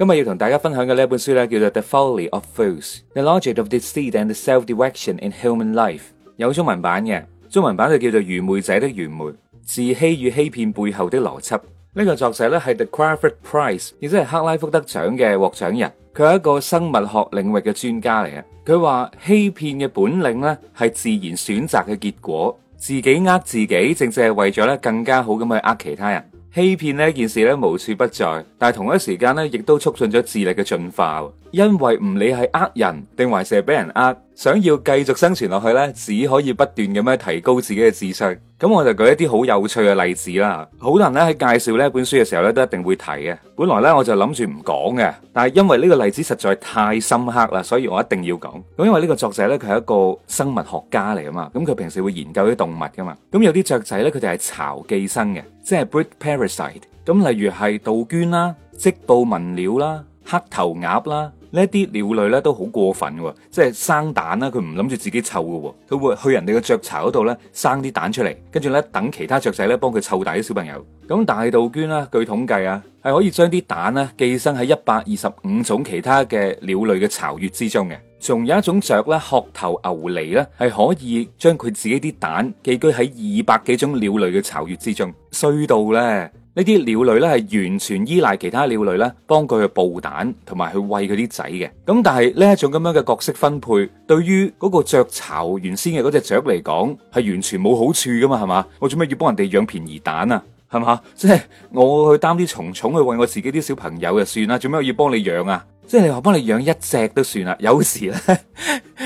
今日要同大家分享嘅呢一本書咧，叫做《The Folly of Fools》、《The Logic of Deceit》、《And the Self-Direction in Human Life》，有中文版嘅。中文版就叫做《愚昧者的愚昧：自欺與欺騙背後的邏輯》。呢個作者咧係 The Crawford Prize，亦即係克拉福德獎嘅獲獎人。佢係一個生物學領域嘅專家嚟嘅。佢話欺騙嘅本領咧係自然選擇嘅結果，自己呃自己，正正係為咗咧更加好咁去呃其他人。欺騙呢件事咧無處不在，但係同一時間咧，亦都促進咗智力嘅進化。因為唔理係呃人定還是係俾人呃，想要繼續生存落去呢，只可以不斷咁樣提高自己嘅智商。咁我就舉一啲好有趣嘅例子啦。好多人咧喺介紹呢本書嘅時候呢，都一定會提嘅。本來呢，我就諗住唔講嘅，但係因為呢個例子實在太深刻啦，所以我一定要講。咁因為呢個作者呢，佢係一個生物學家嚟啊嘛，咁佢平時會研究啲動物噶嘛。咁有啲雀仔呢，佢哋係巢寄生嘅，即係 brood parasite。咁例如係杜鵑啦、織布文鳥啦、黑頭鴨啦。呢啲鳥類咧都好過分嘅，即係生蛋啦，佢唔諗住自己湊嘅，佢會去人哋嘅雀巢嗰度咧生啲蛋出嚟，跟住咧等其他雀仔咧幫佢湊大啲小朋友。咁大杜鵑啦，據統計啊，係可以將啲蛋咧寄生喺一百二十五種其他嘅鳥類嘅巢穴之中嘅。仲有一種雀咧，殼頭牛脷咧，係可以將佢自己啲蛋寄居喺二百幾種鳥類嘅巢穴之中，衰到咧。呢啲鳥類呢係完全依賴其他鳥類呢幫佢去抱蛋同埋去餵佢啲仔嘅，咁但係呢一種咁樣嘅角色分配，對於嗰個雀巢原先嘅嗰隻雀嚟講，係完全冇好處噶嘛，係嘛？我做咩要幫人哋養便宜蛋啊？係嘛？即係我去擔啲蟲蟲去餵我自己啲小朋友就算啦，做咩要幫你養啊？即係你話幫你養一隻都算啦。有時咧，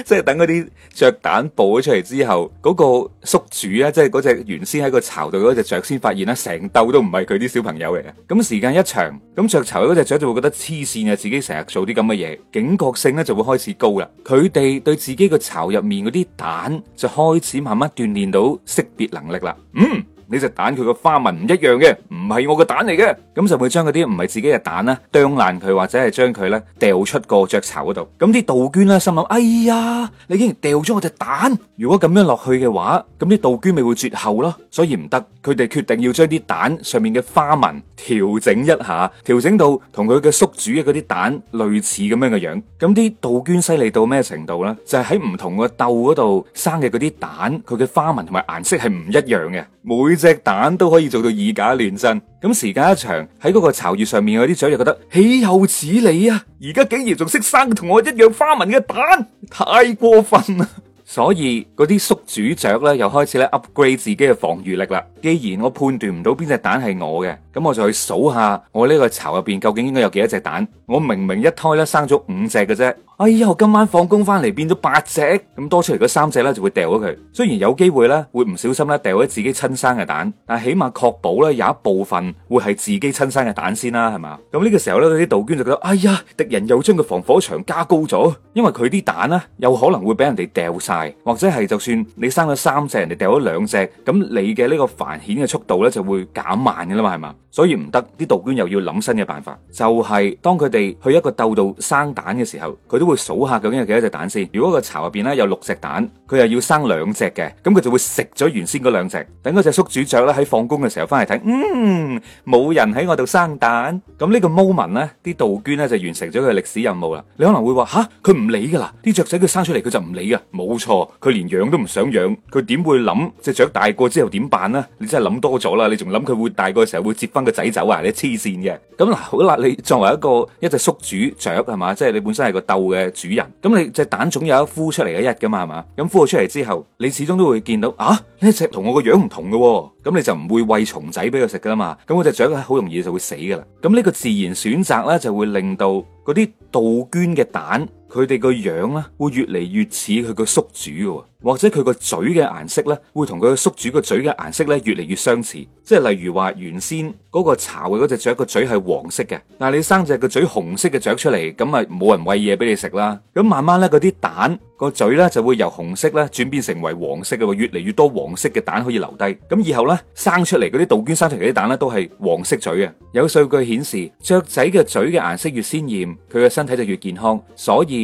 即 係等嗰啲雀蛋破咗出嚟之後，嗰、嗰個宿主啊，即係嗰隻原先喺個巢度嗰隻雀，先發現啦，成竇都唔係佢啲小朋友嚟嘅。咁時間一長，咁雀巢嗰隻雀就會覺得黐線啊，自己成日做啲咁嘅嘢，警覺性咧就會開始高啦。佢哋對自己個巢入面嗰啲蛋就開始慢慢鍛煉到識別能力啦。嗯。呢隻蛋佢個花紋唔一樣嘅，唔係我個蛋嚟嘅，咁就會將嗰啲唔係自己嘅蛋呢啄爛佢，或者係將佢呢掉出個雀巢嗰度。咁啲杜鵑呢，心諗，哎呀，你竟然掉咗我隻蛋！如果咁樣落去嘅話，咁啲杜鵑咪會絕後咯。所以唔得，佢哋決定要將啲蛋上面嘅花紋調整一下，調整到同佢嘅宿主嘅嗰啲蛋類似咁樣嘅樣。咁啲杜鵑犀利到咩程度呢？就係喺唔同個竇嗰度生嘅嗰啲蛋，佢嘅花紋同埋顏色係唔一樣嘅每。隻蛋都可以做到以假亂真，咁時間一長，喺嗰個巢穴上面嗰啲雀又覺得豈有此理啊！而家竟然仲識生同我一樣花紋嘅蛋，太過分啦！ 所以嗰啲宿主雀咧，又開始咧 upgrade 自己嘅防禦力啦。既然我判斷唔到邊隻蛋係我嘅，咁我就去數下我呢個巢入邊究竟應該有幾多隻蛋。我明明一胎咧生咗五隻嘅啫。哎呦，今晚放工翻嚟變咗八隻，咁多出嚟嗰三隻咧就會掉咗佢。雖然有機會咧會唔小心咧掉咗自己親生嘅蛋，但起碼確保咧有一部分會係自己親生嘅蛋先啦，係嘛？咁呢個時候咧，啲杜鵑就覺得，哎呀，敵人又將個防火牆加高咗，因為佢啲蛋咧有可能會俾人哋掉晒，或者係就算你生咗三隻，人哋掉咗兩隻，咁你嘅呢個繁衍嘅速度咧就會減慢噶啦嘛，係嘛？所以唔得，啲杜鵑又要諗新嘅辦法，就係當佢哋去一個竇度生蛋嘅時候，佢都會數下究竟有幾多隻蛋先。如果個巢入邊咧有六隻蛋，佢又要生兩隻嘅，咁佢就會食咗原先嗰兩隻，等嗰隻宿主雀咧喺放工嘅時候翻嚟睇，嗯，冇人喺我度生蛋，咁呢個 moment 咧，啲杜鵑咧就完成咗佢歷史任務啦。你可能會話吓，佢唔理噶啦，啲雀仔佢生出嚟佢就唔理啊，冇錯，佢連養都唔想養，佢點會諗隻雀大個之後點辦呢？你真係諗多咗啦，你仲諗佢會大個時候會結婚。個仔走啊！你黐線嘅，咁嗱，好啦，你作為一個一隻宿主雀係嘛，即係你本身係個竇嘅主人。咁你隻蛋總有一孵出嚟嘅一日噶嘛，係嘛？咁孵咗出嚟之後，你始終都會見到啊，呢隻同我個樣唔同嘅，咁你就唔會喂蟲仔俾佢食噶啦嘛。咁嗰隻雀係好容易就會死噶啦。咁呢個自然選擇咧，就會令到嗰啲杜鵑嘅蛋。佢哋個樣咧會越嚟越似佢個宿主嘅，或者佢個嘴嘅顏色咧會同佢個宿主個嘴嘅顏色咧越嚟越相似。即係例如話原先嗰個巢嘅嗰隻雀個嘴係黃色嘅，但係你生隻個嘴紅色嘅雀出嚟，咁啊冇人喂嘢俾你食啦。咁慢慢咧嗰啲蛋個嘴咧就會由紅色咧轉變成為黃色嘅，越嚟越多黃色嘅蛋可以留低。咁以後咧生出嚟嗰啲杜鵑山雀嘅啲蛋咧都係黃色嘴啊。有數據顯示雀仔嘅嘴嘅顏色越鮮艷，佢嘅身體就越健康，所以。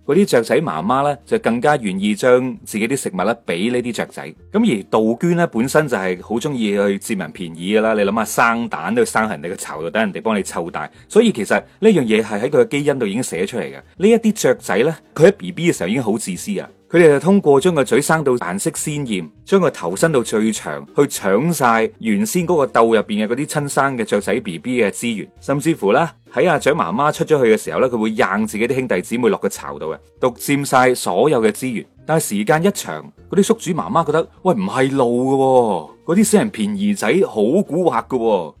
嗰啲雀仔媽媽咧就更加願意將自己啲食物咧俾呢啲雀仔。咁而杜鵑咧本身就係好中意去佔人便宜噶啦。你諗下，生蛋都要生喺人哋嘅巢度，等人哋幫你湊大。所以其實呢樣嘢係喺佢嘅基因度已經寫出嚟嘅。呢一啲雀仔咧，佢喺 B B 嘅時候已經好自私啊！佢哋就通過將個嘴生到顏色鮮豔，將個頭伸到最長，去搶晒原先嗰個竇入邊嘅嗰啲親生嘅雀仔 B B 嘅資源。甚至乎咧，喺阿雀媽媽出咗去嘅時候咧，佢會掗自己啲兄弟姊妹落個巢度嘅。獨佔晒所有嘅資源，但係時間一長，嗰啲宿主媽媽覺得，喂，唔係路嘅。哦，嗰啲死人便宜仔好蠱惑嘅，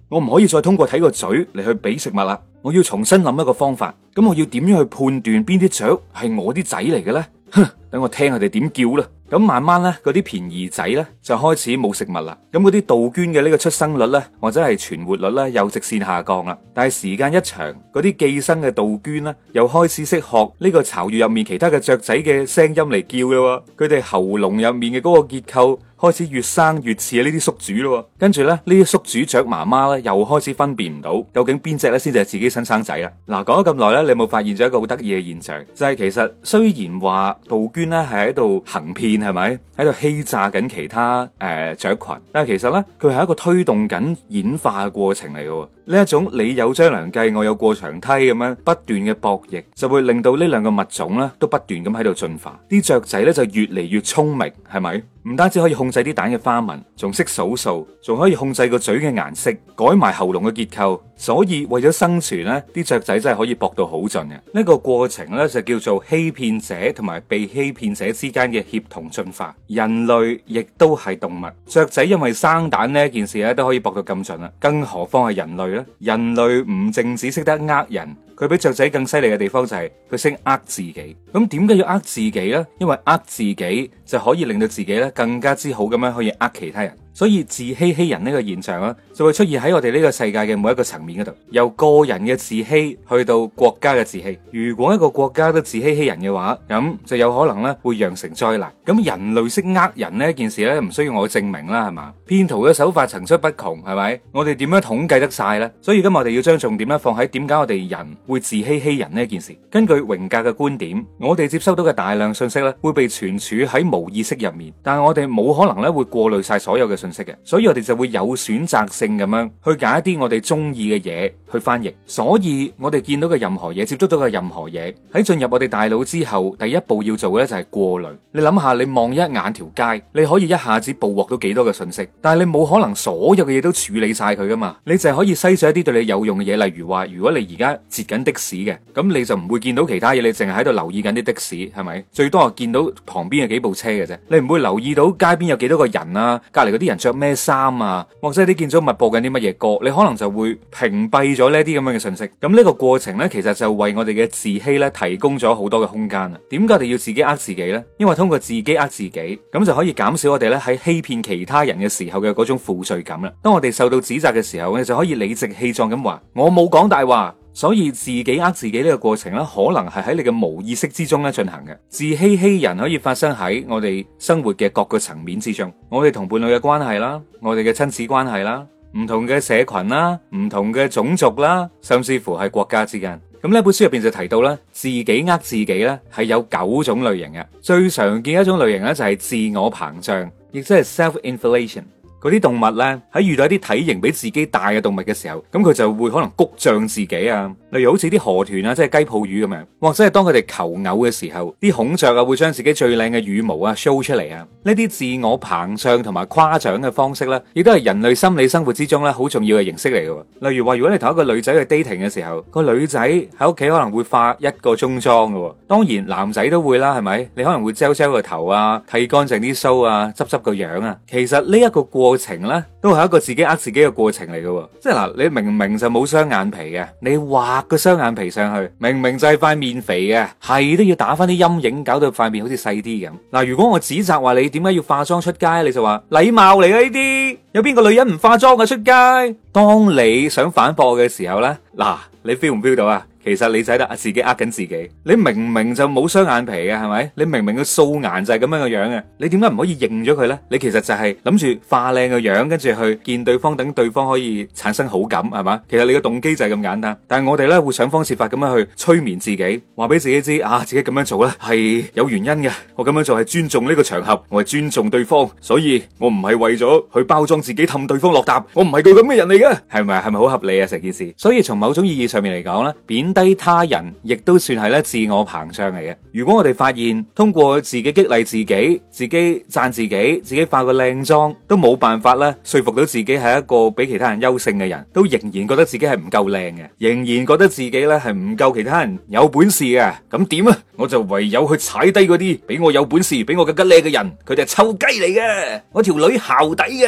我唔可以再通過睇個嘴嚟去俾食物啦，我要重新諗一個方法。咁我要點樣去判斷邊啲雀係我啲仔嚟嘅咧？哼。等我聽佢哋點叫啦，咁慢慢咧，嗰啲便宜仔咧就開始冇食物啦。咁嗰啲杜鵑嘅呢個出生率咧，或者係存活率咧，又直線下降啦。但係時間一長，嗰啲寄生嘅杜鵑咧，又開始識學呢個巢穴入面其他嘅雀仔嘅聲音嚟叫嘅。佢哋喉嚨入面嘅嗰個結構開始越生越似呢啲宿主咯。跟住咧，呢啲宿主雀媽媽咧，又開始分辨唔到究竟邊隻咧先至係自己親生仔啦。嗱，講咗咁耐咧，你有冇發現咗一個好得意嘅現象？就係其實雖然話杜鵑。咧係喺度行騙，係咪喺度欺詐緊其他誒雀群，但係其實咧，佢係一個推動緊演化嘅過程嚟嘅。 呢一種你有張良計，我有過牆梯咁樣不斷嘅博弈，就會令到呢兩個物種咧都不斷咁喺度進化。啲雀仔咧就越嚟越聰明，係咪？唔單止可以控制啲蛋嘅花紋，仲識數數，仲可以控制個嘴嘅顏色，改埋喉嚨嘅結構。所以為咗生存呢啲雀仔真係可以搏到好盡嘅。呢、這個過程呢，就叫做欺騙者同埋被欺騙者之間嘅協同進化。人類亦都係動物，雀仔因為生蛋呢件事咧都可以搏到咁盡啦，更何況係人類。人類唔淨止識得呃人。佢比雀仔更犀利嘅地方就係佢識呃自己，咁點解要呃自己呢？因為呃自己就可以令到自己咧更加之好咁樣可以呃其他人，所以自欺欺人呢個現象啦，就會出現喺我哋呢個世界嘅每一個層面嗰度，由個人嘅自欺去到國家嘅自欺。如果一個國家都自欺欺人嘅話，咁就有可能咧會釀成災難。咁人類識呃人呢一件事咧唔需要我證明啦，係嘛？騙徒嘅手法層出不窮，係咪？我哋點樣統計得晒咧？所以今日我哋要將重點咧放喺點解我哋人。會自欺欺人呢件事，根據榮格嘅觀點，我哋接收到嘅大量信息咧，會被存儲喺無意識入面，但係我哋冇可能咧會過濾晒所有嘅信息嘅，所以我哋就會有選擇性咁樣去揀一啲我哋中意嘅嘢去翻譯，所以我哋見到嘅任何嘢，接觸到嘅任何嘢，喺進入我哋大腦之後，第一步要做嘅咧就係過濾。你諗下，你望一眼條街，你可以一下子捕獲到幾多嘅信息，但係你冇可能所有嘅嘢都處理晒佢噶嘛，你淨係可以篩選一啲對你有用嘅嘢，例如話，如果你而家緊的士嘅咁，你就唔會見到其他嘢，你淨係喺度留意緊啲的士，係咪？最多係，見到旁邊有幾部車嘅啫，你唔會留意到街邊有幾多個人啊，隔籬嗰啲人着咩衫啊，或者啲建築物播緊啲乜嘢歌，你可能就會屏蔽咗呢啲咁樣嘅信息。咁呢個過程呢，其實就為我哋嘅自欺呢提供咗好多嘅空間啦。點解我哋要自己呃自己呢？因為通過自己呃自己，咁就可以減少我哋呢喺欺騙其他人嘅時候嘅嗰種負罪感啦。當我哋受到指責嘅時候咧，就可以理直氣壯咁話：我冇講大話。所以自己呃自己呢個過程咧，可能係喺你嘅無意識之中咧進行嘅。自欺欺人可以發生喺我哋生活嘅各個層面之中，我哋同伴侶嘅關係啦，我哋嘅親子關係啦，唔同嘅社群啦，唔同嘅種族啦，甚至乎係國家之間。咁呢本書入邊就提到啦，自己呃自己咧係有九種類型嘅。最常見一種類型咧就係、是、自我膨脹，亦即係 self-inflation。嗰啲動物呢，喺遇到一啲體型比自己大嘅動物嘅時候，咁佢就會可能谷脹自己啊，例如好似啲河豚啊，即係雞泡魚咁樣，或者係當佢哋求偶嘅時候，啲孔雀啊會將自己最靚嘅羽毛啊 show 出嚟啊，呢啲自我膨脹同埋誇獎嘅方式呢，亦都係人類心理生活之中呢好重要嘅形式嚟嘅、啊。例如話，如果你同一個女仔去 dating 嘅時候，個女仔喺屋企可能會化一個中裝嘅、啊，當然男仔都會啦，係咪？你可能會 gel gel 個頭啊，剃乾淨啲須啊，執執個樣啊。其實呢一個過過程咧，都係一個自己呃自己嘅過程嚟嘅、哦，即係嗱，你明明就冇雙眼皮嘅，你畫個雙眼皮上去，明明就係塊面肥嘅，係都要打返啲陰影，搞到塊面好似細啲咁。嗱，如果我指責話你點解要化妝出街，你就話禮貌嚟嘅呢啲，有邊個女人唔化妝嘅出街？當你想反駁嘅時候呢，嗱，你 feel 唔 feel 到啊？其實你就係得自己呃緊自己，你明明就冇雙眼皮嘅係咪？你明明個素顏就係咁樣嘅樣嘅，你點解唔可以認咗佢呢？你其實就係諗住化靚個樣，跟住去見對方，等對方可以產生好感係嘛？其實你嘅動機就係咁簡單，但係我哋咧會想方設法咁樣去催眠自己，話俾自己知啊，自己咁樣做咧係有原因嘅。我咁樣做係尊重呢個場合，我係尊重對方，所以我唔係為咗去包裝自己氹對方落搭，我唔係個咁嘅人嚟嘅，係咪？係咪好合理啊成件事？所以從某種意義上面嚟講咧，貶。低他人，亦都算係咧自我膨脹嚟嘅。如果我哋發現通過自己激勵自己，自己讚自己，自己化個靚妝，都冇辦法咧說服到自己係一個比其他人優勝嘅人，都仍然覺得自己係唔夠靚嘅，仍然覺得自己咧係唔夠其他人有本事嘅，咁點啊？我就唯有去踩低嗰啲比我有本事、比我更加叻嘅人，佢哋係臭雞嚟嘅，我條女姣底嘅！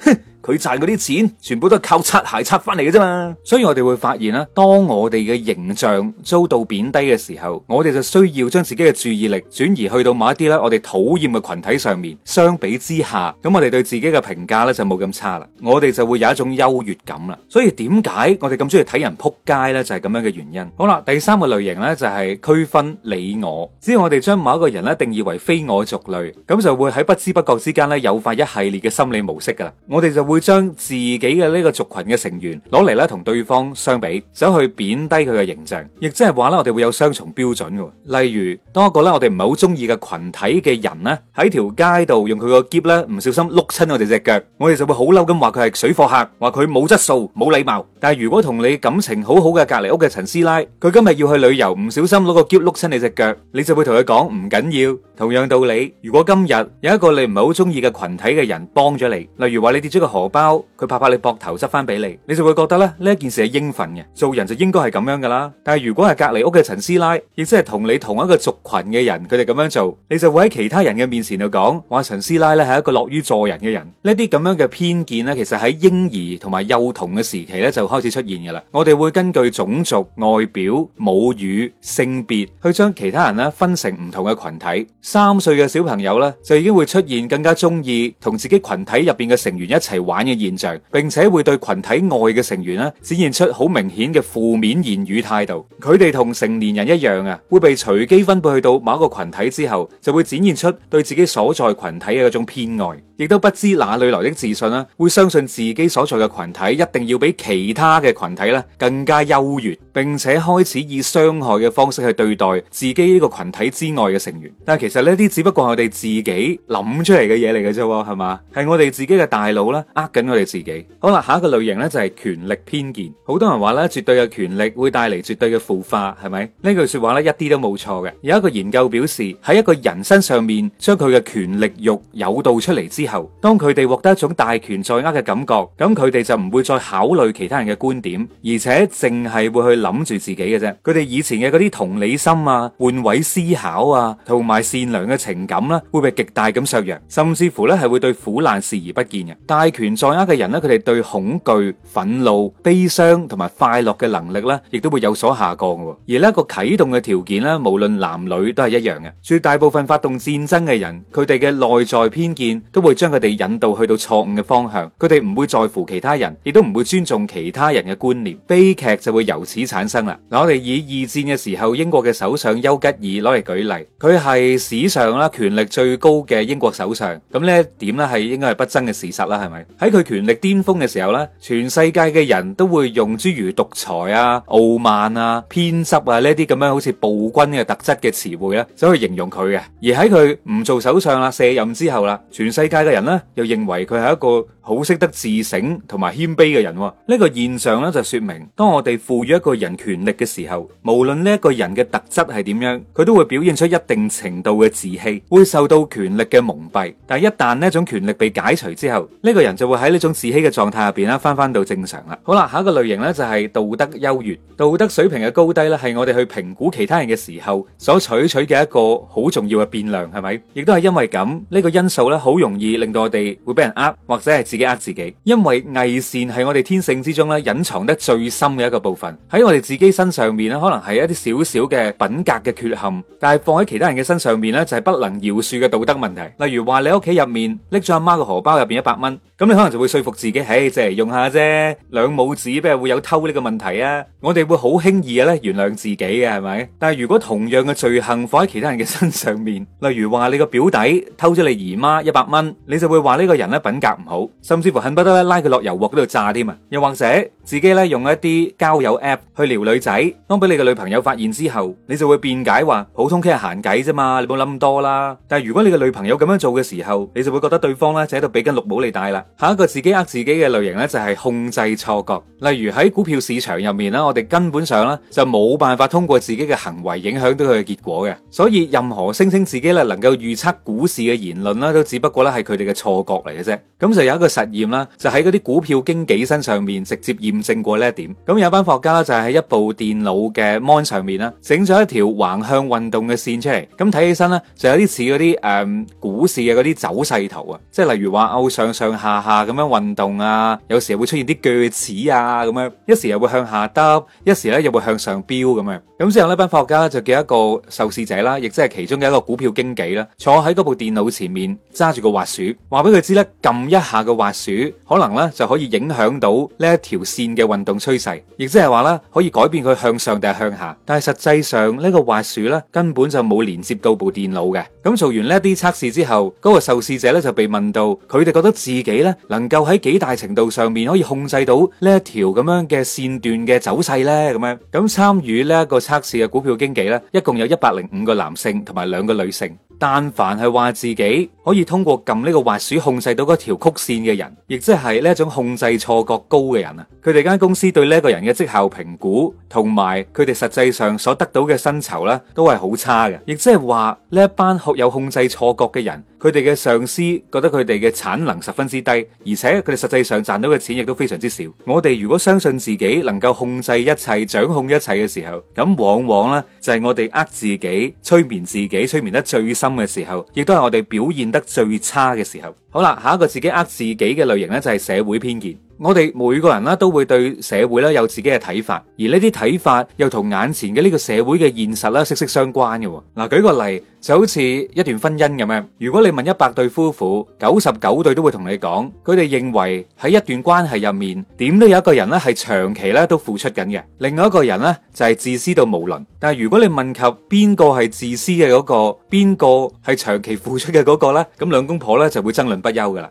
哼。佢賺嗰啲錢，全部都係靠擦鞋擦翻嚟嘅啫嘛。所以我哋會發現啦，當我哋嘅形象遭到貶低嘅時候，我哋就需要將自己嘅注意力轉移去到某一啲咧我哋討厭嘅群體上面。相比之下，咁我哋對自己嘅評價咧就冇咁差啦。我哋就會有一種優越感啦。所以點解我哋咁中意睇人撲街呢？就係咁樣嘅原因。好啦，第三個類型呢就係區分你我，只要我哋將某一個人咧定義為非我族類，咁就會喺不知不覺之間咧誘發一系列嘅心理模式噶啦。我哋就會。會將自己嘅呢個族群嘅成員攞嚟咧，同對方相比，想去貶低佢嘅形象，亦即係話咧，我哋會有雙重標準嘅。例如，當一個咧我哋唔係好中意嘅群體嘅人咧，喺條街度用佢個箧咧，唔小心碌親我哋隻腳，我哋就會好嬲咁話佢係水貨客，話佢冇質素、冇禮貌。但係如果同你感情好好嘅隔籬屋嘅陳師奶，佢今日要去旅遊，唔小心攞個箧碌親你隻腳，你就會同佢講唔緊要。同樣道理，如果今日有一個你唔係好中意嘅群體嘅人幫咗你，例如話你跌咗個荷包，佢拍拍你膊頭執翻俾你，你就會覺得咧呢一件事係應份嘅，做人就應該係咁樣噶啦。但係如果係隔離屋嘅陳師奶，亦即係同你同一個族群嘅人，佢哋咁樣做，你就會喺其他人嘅面前度講話陳師奶咧係一個樂於助人嘅人。呢啲咁樣嘅偏見咧，其實喺嬰兒同埋幼童嘅時期咧就開始出現噶啦。我哋會根據種族、外表、母語、性別去將其他人咧分成唔同嘅群體。三歲嘅小朋友咧，就已經會出現更加中意同自己群體入邊嘅成員一齊玩嘅現象，並且會對群體外嘅成員咧展現出好明顯嘅負面言語態度。佢哋同成年人一樣啊，會被隨機分配去到某一個群體之後，就會展現出對自己所在群體嘅嗰種偏愛。亦都不知哪裡來的自信啦，啊，會相信自己所在嘅群體一定要比其他嘅群體咧更加優越，並且開始以傷害嘅方式去對待自己呢個群體之外嘅成員。但係其實呢啲只不過我哋自己諗出嚟嘅嘢嚟嘅啫，係嘛？係我哋自己嘅大腦啦，呃緊我哋自己。好啦，下一個類型咧就係、是、權力偏見。好多人話咧，絕對嘅權力會帶嚟絕對嘅腐化，係咪？句呢句說話咧，一啲都冇錯嘅。有一個研究表示喺一個人身上面，將佢嘅權力欲誘導出嚟之。以後，當佢哋獲得一種大權在握嘅感覺，咁佢哋就唔會再考慮其他人嘅觀點，而且淨係會去諗住自己嘅啫。佢哋以前嘅嗰啲同理心啊、換位思考啊，同埋善良嘅情感咧，會被極大咁削弱，甚至乎咧係會對苦難視而不見嘅。大權在握嘅人咧，佢哋對恐懼、憤怒、悲傷同埋快樂嘅能力咧，亦都會有所下降嘅。而呢個啟動嘅條件咧，無論男女都係一樣嘅。絕大部分發動戰爭嘅人，佢哋嘅內在偏見都會。將佢哋引導去到錯誤嘅方向，佢哋唔會在乎其他人，亦都唔會尊重其他人嘅觀念，悲劇就會由此產生啦。嗱，我哋以二戰嘅時候英國嘅首相丘吉爾攞嚟舉例，佢係史上啦權力最高嘅英國首相，咁呢一點咧係應該係不爭嘅事實啦，係咪？喺佢權力巔峰嘅時候咧，全世界嘅人都會用諸如獨裁啊、傲慢啊、偏執啊呢啲咁樣好似暴君嘅特質嘅詞彙咧，走去形容佢嘅。而喺佢唔做首相啦卸任之後啦，全世界，嘅人咧，又認為佢係一個好識得自省同埋謙卑嘅人。呢個現象咧就說明，當我哋賦予一個人權力嘅時候，無論呢一個人嘅特質係點樣，佢都會表現出一定程度嘅自欺，會受到權力嘅蒙蔽。但係一旦呢種權力被解除之後，呢個人就會喺呢種自欺嘅狀態入邊咧，返返到正常啦。好啦，下一個類型呢就係道德優越。道德水平嘅高低呢，係我哋去評估其他人嘅時候所採取嘅一個好重要嘅變量，係咪？亦都係因為咁呢個因素呢，好容易。令到我哋會俾人呃，或者係自己呃自己，因為偽善係我哋天性之中咧隱藏得最深嘅一個部分，喺我哋自己身上面咧，可能係一啲少少嘅品格嘅缺陷，但係放喺其他人嘅身上面咧，就係不能饒恕嘅道德問題。例如話你屋企入面拎咗阿媽個荷包入邊一百蚊，咁你可能就會說服自己，唉，借嚟用下啫，兩母子咩會有偷呢個問題啊？我哋會好輕易嘅咧原諒自己嘅係咪？但係如果同樣嘅罪行放喺其他人嘅身上面，例如話你個表弟偷咗你姨媽一百蚊。你就會話呢個人咧品格唔好，甚至乎恨不得咧拉佢落油鑊嗰度炸添啊！又或者自己咧用一啲交友 App 去撩女仔，當俾你嘅女朋友發現之後，你就會辯解話普通傾下閒偈咋嘛，你冇諗咁多啦。但係如果你嘅女朋友咁樣做嘅時候，你就會覺得對方咧就喺度俾緊綠帽你戴啦。下一個自己呃自己嘅類型咧就係控制錯覺，例如喺股票市場入面咧，我哋根本上咧就冇辦法通過自己嘅行為影響到佢嘅結果嘅，所以任何聲稱自己咧能夠預測股市嘅言論啦，都只不過咧係佢。佢哋嘅錯覺嚟嘅啫，咁就有一個實驗啦，就喺嗰啲股票經紀身上面直接驗證過呢一點。咁有一班科學家就係、是、喺一部電腦嘅 mon 上面啦，整咗一條橫向運動嘅線出嚟。咁睇起身咧，就有啲似嗰啲誒股市嘅嗰啲走勢圖啊，即係例如話上上下下咁樣運動啊，有時會出現啲鋸齒啊咁樣，一時又會向下揼，一時咧又會向上飆咁樣。咁之後呢班科學家就叫一個受試者啦，亦即係其中嘅一個股票經紀啦，坐喺嗰部電腦前面揸住個滑鼠，話俾佢知呢，撳一下個滑鼠可能呢就可以影響到呢一條線嘅運動趨勢，亦即係話呢可以改變佢向上定係向下。但係實際上呢個滑鼠呢根本就冇連接到部電腦嘅。咁做完呢一啲測試之後，嗰個受試者呢就被問到，佢哋覺得自己呢能夠喺幾大程度上面可以控制到呢一條咁樣嘅線段嘅走勢呢？咁樣咁參與呢一個。測試嘅股票經紀咧，一共有一百零五個男性同埋兩個女性。但凡係話自己可以通過撳呢個滑鼠，控制到嗰條曲線嘅人，亦即係呢一種控制錯覺高嘅人啊，佢哋間公司對呢一個人嘅績效評估同埋佢哋實際上所得到嘅薪酬咧，都係好差嘅。亦即係話呢一班學有控制錯覺嘅人。佢哋嘅上司覺得佢哋嘅產能十分之低，而且佢哋實際上賺到嘅錢亦都非常之少。我哋如果相信自己能夠控制一切、掌控一切嘅時候，咁往往呢，就係我哋呃自己、催眠自己、催眠得最深嘅時候，亦都係我哋表現得最差嘅時候。好啦，下一個自己呃自己嘅類型呢，就係社會偏見。我哋每個人啦都會對社會啦有自己嘅睇法，而呢啲睇法又同眼前嘅呢個社會嘅現實啦息息相關嘅。嗱，舉個例就好似一段婚姻咁樣，如果你問一百對夫婦，九十九對都會同你講，佢哋認為喺一段關係入面，點都有一個人咧係長期咧都付出緊嘅，另外一個人咧就係自私到無倫。但係如果你問及邊個係自私嘅嗰個，邊個係長期付出嘅嗰個咧，咁兩公婆咧就會爭論不休噶啦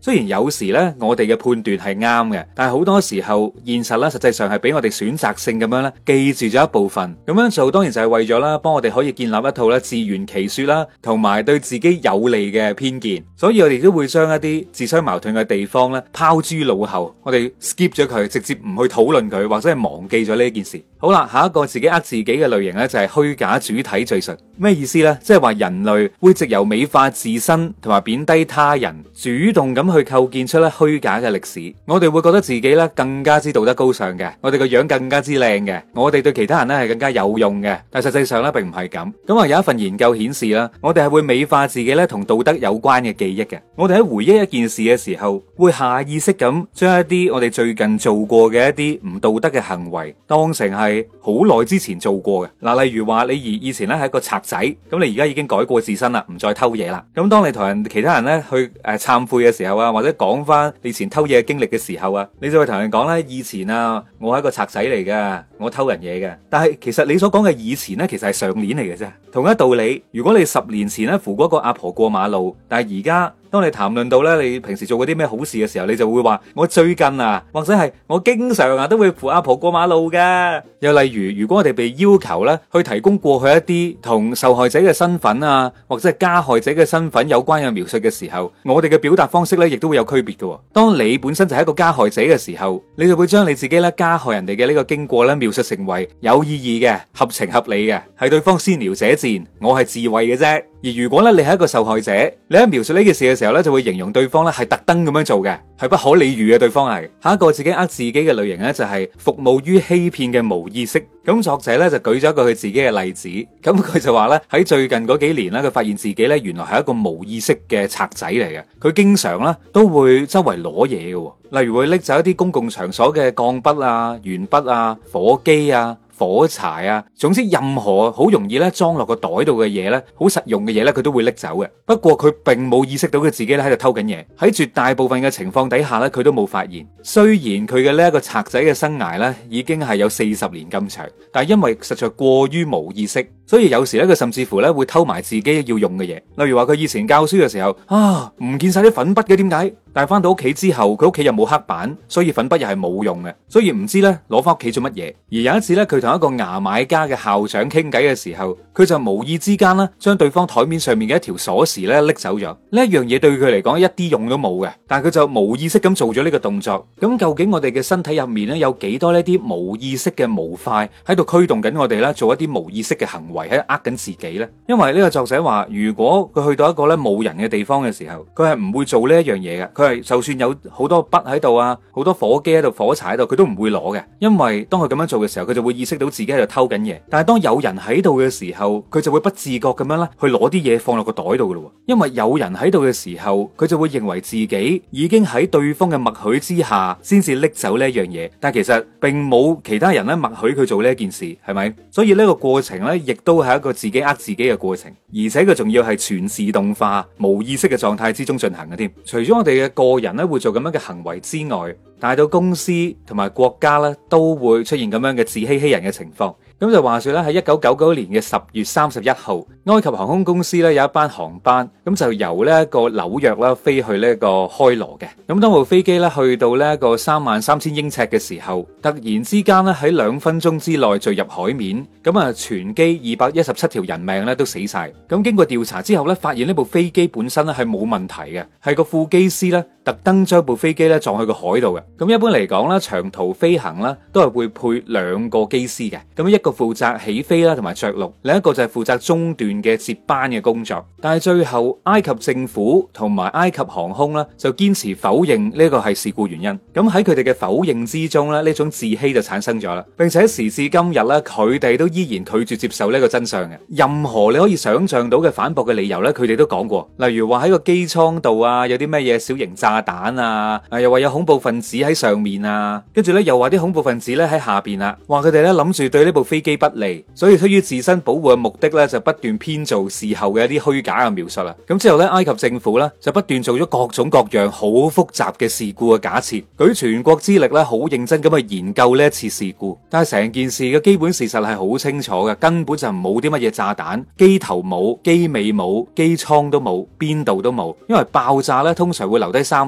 雖然有時呢，我哋嘅判斷係啱嘅，但係好多時候現實咧，實際上係俾我哋選擇性咁樣咧記住咗一部分，咁樣做當然就係為咗啦，幫我哋可以建立一套咧自圓其說啦，同埋對自己有利嘅偏見，所以我哋都會將一啲自相矛盾嘅地方呢，拋諸腦後，我哋 skip 咗佢，直接唔去討論佢或者係忘記咗呢件事。好啦，下一個自己呃自己嘅類型呢，就係虛假主體敘述，咩意思呢？即係話人類會藉由美化自身同埋貶低他人，主動咁。去構建出咧虛假嘅歷史，我哋會覺得自己咧更加之道德高尚嘅，我哋個樣更加之靚嘅，我哋對其他人咧係更加有用嘅。但係實際上咧並唔係咁。咁啊有一份研究顯示啦，我哋係會美化自己咧同道德有關嘅記憶嘅。我哋喺回憶一件事嘅時候，會下意識咁將一啲我哋最近做過嘅一啲唔道德嘅行為，當成係好耐之前做過嘅嗱。例如話你而以前咧係一個賊仔，咁你而家已經改過自身啦，唔再偷嘢啦。咁當你同人其他人咧去誒懺、呃、悔嘅時候，啊，或者講翻你前偷嘢嘅經歷嘅時候啊，你就會同人講啦：「以前啊，我係一個賊仔嚟嘅，我偷人嘢嘅。」但係其實你所講嘅以前呢，其實係上年嚟嘅啫。同一道理，如果你十年前呢扶嗰個阿婆、婆過馬路，但係而家。當你談論到咧，你平時做過啲咩好事嘅時候，你就會話我最近啊，或者係我經常啊，都會扶阿婆過馬路嘅。又例如，如果我哋被要求咧去提供過去一啲同受害者嘅身份啊，或者係加害者嘅身份有關嘅描述嘅時候，我哋嘅表達方式咧，亦都會有區別嘅哦。當你本身就係一個加害者嘅時候，你就會將你自己咧加害人哋嘅呢個經過咧描述成為有意義嘅、合情合理嘅，係對方先撩者賤，我係自衛嘅啫。而如果咧你係一個受害者，你喺描述呢件事嘅時候咧，就會形容對方咧係特登咁樣做嘅，係不可理喻嘅對方。係下一個自己呃自己嘅類型咧就係服務於欺騙嘅無意識。咁作者咧就舉咗一個佢自己嘅例子。咁佢就話咧喺最近嗰幾年咧，佢發現自己咧原來係一個無意識嘅賊仔嚟嘅。佢經常咧都會周圍攞嘢嘅，例如會拎走一啲公共場所嘅鋼筆啊、鉛筆啊、火機啊。火柴啊，總之任何好容易咧裝落個袋度嘅嘢咧，好實用嘅嘢咧，佢都會拎走嘅。不過佢並冇意識到佢自己咧喺度偷緊嘢。喺絕大部分嘅情況底下咧，佢都冇發現。雖然佢嘅呢一個賊仔嘅生涯咧，已經係有四十年咁長，但係因為實在過於冇意識，所以有時咧佢甚至乎咧會偷埋自己要用嘅嘢。例如話佢以前教書嘅時候啊，唔見晒啲粉筆嘅，點解？但係翻到屋企之後，佢屋企又冇黑板，所以粉筆又係冇用嘅，所以唔知咧攞翻屋企做乜嘢。而有一次咧，佢同一個牙買加嘅校長傾偈嘅時候，佢就無意之間呢將對方台面上面嘅一條鎖匙咧拎走咗。呢一樣嘢對佢嚟講一啲用都冇嘅，但係佢就無意識咁做咗呢個動作。咁究竟我哋嘅身體入面咧有幾多呢啲無意識嘅模塊喺度驅動緊我哋咧做一啲無意識嘅行為，喺度呃緊自己呢？因為呢個作者話，如果佢去到一個咧冇人嘅地方嘅時候，佢係唔會做呢一樣嘢嘅。佢係就算有好多筆喺度啊，好多火機喺度、火柴喺度，佢都唔會攞嘅。因為當佢咁樣做嘅時候，佢就會意識到自己喺度偷緊嘢。但係當有人喺度嘅時候，佢就會不自覺咁樣咧，去攞啲嘢放落個袋度噶咯。因為有人喺度嘅時候，佢就會認為自己已經喺對方嘅默許之下，先至拎走呢一樣嘢。但其實並冇其他人咧默許佢做呢一件事，係咪？所以呢個過程咧，亦都係一個自己呃自己嘅過程，而且佢仲要係全自動化、冇意識嘅狀態之中進行嘅添。除咗我哋嘅個人咧會做咁樣嘅行為之外，帶到公司同埋國家咧都會出現咁樣嘅自欺欺人嘅情況。咁就話說咧，喺一九九九年嘅十月三十一號，埃及航空公司咧有一班航班，咁就由呢一個紐約啦飛去呢一個開羅嘅。咁當部飛機咧去到呢一個三萬三千英尺嘅時候，突然之間咧喺兩分鐘之內墜入海面，咁啊全機二百一十七條人命咧都死晒。咁經過調查之後咧，發現呢部飛機本身咧係冇問題嘅，係個副機師咧。特登將部飛機咧撞去個海度嘅。咁一般嚟講咧，長途飛行咧都係會配兩個機師嘅。咁一個負責起飛啦同埋着陸，另一個就係負責中段嘅接班嘅工作。但係最後，埃及政府同埋埃及航空咧就堅持否認呢個係事故原因。咁喺佢哋嘅否認之中咧，呢種自欺就產生咗啦。並且時至今日咧，佢哋都依然拒絕接受呢個真相嘅。任何你可以想像到嘅反駁嘅理由咧，佢哋都講過，例如話喺個機艙度啊有啲咩嘢小型炸炸彈啊！又話有恐怖分子喺上面啊，跟住咧又話啲恐怖分子咧喺下邊啦，話佢哋咧諗住對呢部飛機不利，所以出於自身保護嘅目的咧，就不斷編造事後嘅一啲虛假嘅描述啦。咁之後咧，埃及政府咧就不斷做咗各種各樣好複雜嘅事故嘅假設，舉全國之力咧好認真咁去研究呢一次事故。但係成件事嘅基本事實係好清楚嘅，根本就冇啲乜嘢炸彈，機頭冇，機尾冇，機艙都冇，邊度都冇。因為爆炸咧通常會留低三。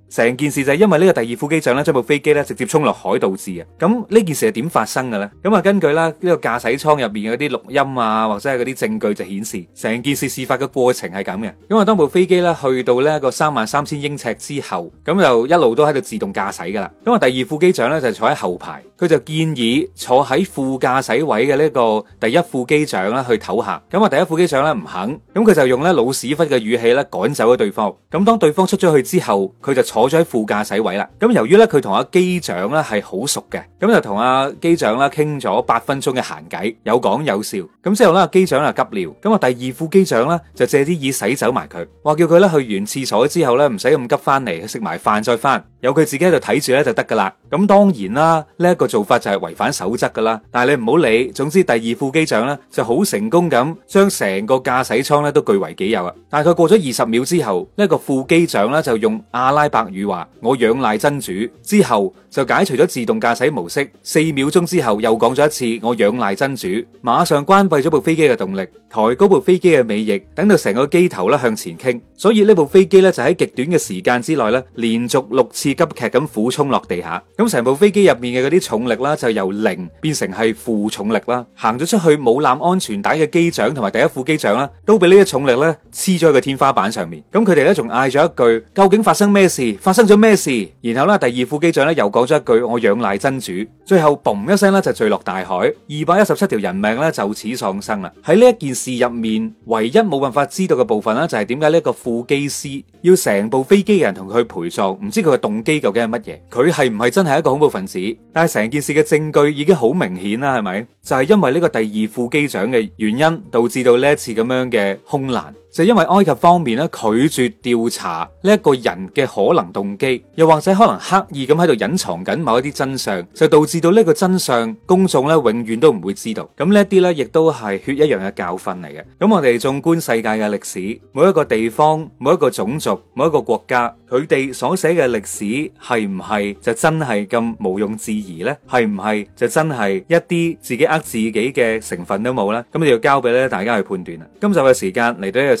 成件事就係因為呢個第二副機長咧將部飛機咧直接衝落海導致嘅。咁呢件事係點發生嘅呢？咁啊，根據啦呢個駕駛艙入邊嘅啲錄音啊，或者係嗰啲證據就顯示，成件事事發嘅過程係咁嘅。因為當部飛機咧去到呢個三萬三千英尺之後，咁就一路都喺度自動駕駛噶啦。咁啊，第二副機長咧就坐喺後排，佢就建議坐喺副駕駛位嘅呢個第一副機長啦去唞下。咁啊，第一副機長咧唔肯，咁佢就用咧老屎忽嘅語氣咧趕走咗對方。咁當對方出咗去之後，佢就坐。坐咗喺副駕駛位啦，咁由於咧佢同阿機長咧係好熟嘅，咁就同阿機長啦傾咗八分鐘嘅閒偈，有講有笑，咁之後咧阿機長啊急尿，咁啊第二副機長咧就借啲耳洗走埋佢，話叫佢咧去完廁所之後咧唔使咁急翻嚟，去食埋飯再翻，由佢自己喺度睇住咧就得噶啦。咁當然啦，呢一個做法就係違反守則噶啦。但係你唔好理，總之第二副機長呢就好成功咁將成個駕駛艙咧都據為己有啊！大概過咗二十秒之後，呢一個副機長咧就用阿拉伯語話：我仰賴真主。之後就解除咗自動駕駛模式。四秒鐘之後又講咗一次：我仰賴真主。馬上關閉咗部飛機嘅動力，抬高部飛機嘅尾翼，等到成個機頭咧向前傾。所以呢部飛機咧就喺極短嘅時間之內咧，連續六次急劇咁俯衝落地下。咁成部飛機入面嘅嗰啲重力啦，就由零變成係負重力啦。行咗出去冇攬安全帶嘅機長同埋第一副機長啦，都俾呢個重力咧黐咗喺個天花板上面。咁佢哋咧仲嗌咗一句：究竟發生咩事？發生咗咩事？然後咧，第二副機長咧又講咗一句：我仰賴真主。最後，嘣一聲咧就墜落大海，二百一十七條人命咧就此喪生啦。喺呢一件事入面，唯一冇辦法知道嘅部分咧，就係點解呢個副機師要成部飛機人同佢陪葬？唔知佢嘅動機究竟係乜嘢？佢係唔係真係？係一個恐怖分子，但係成件事嘅證據已經好明顯啦，係咪？就係因為呢個第二副機長嘅原因，導致到呢一次咁樣嘅空難。就因為埃及方面咧拒絕調查呢一個人嘅可能動機，又或者可能刻意咁喺度隱藏緊某一啲真相，就導致到呢個真相公眾咧永遠都唔會知道。咁呢一啲咧亦都係血一樣嘅教訓嚟嘅。咁我哋縱觀世界嘅歷史，每一個地方、每一個種族、每一個國家，佢哋所寫嘅歷史係唔係就真係咁毋庸置疑呢？係唔係就真係一啲自己呃自己嘅成分都冇呢？咁你要交俾咧大家去判斷啦。今集嘅時間嚟到呢個。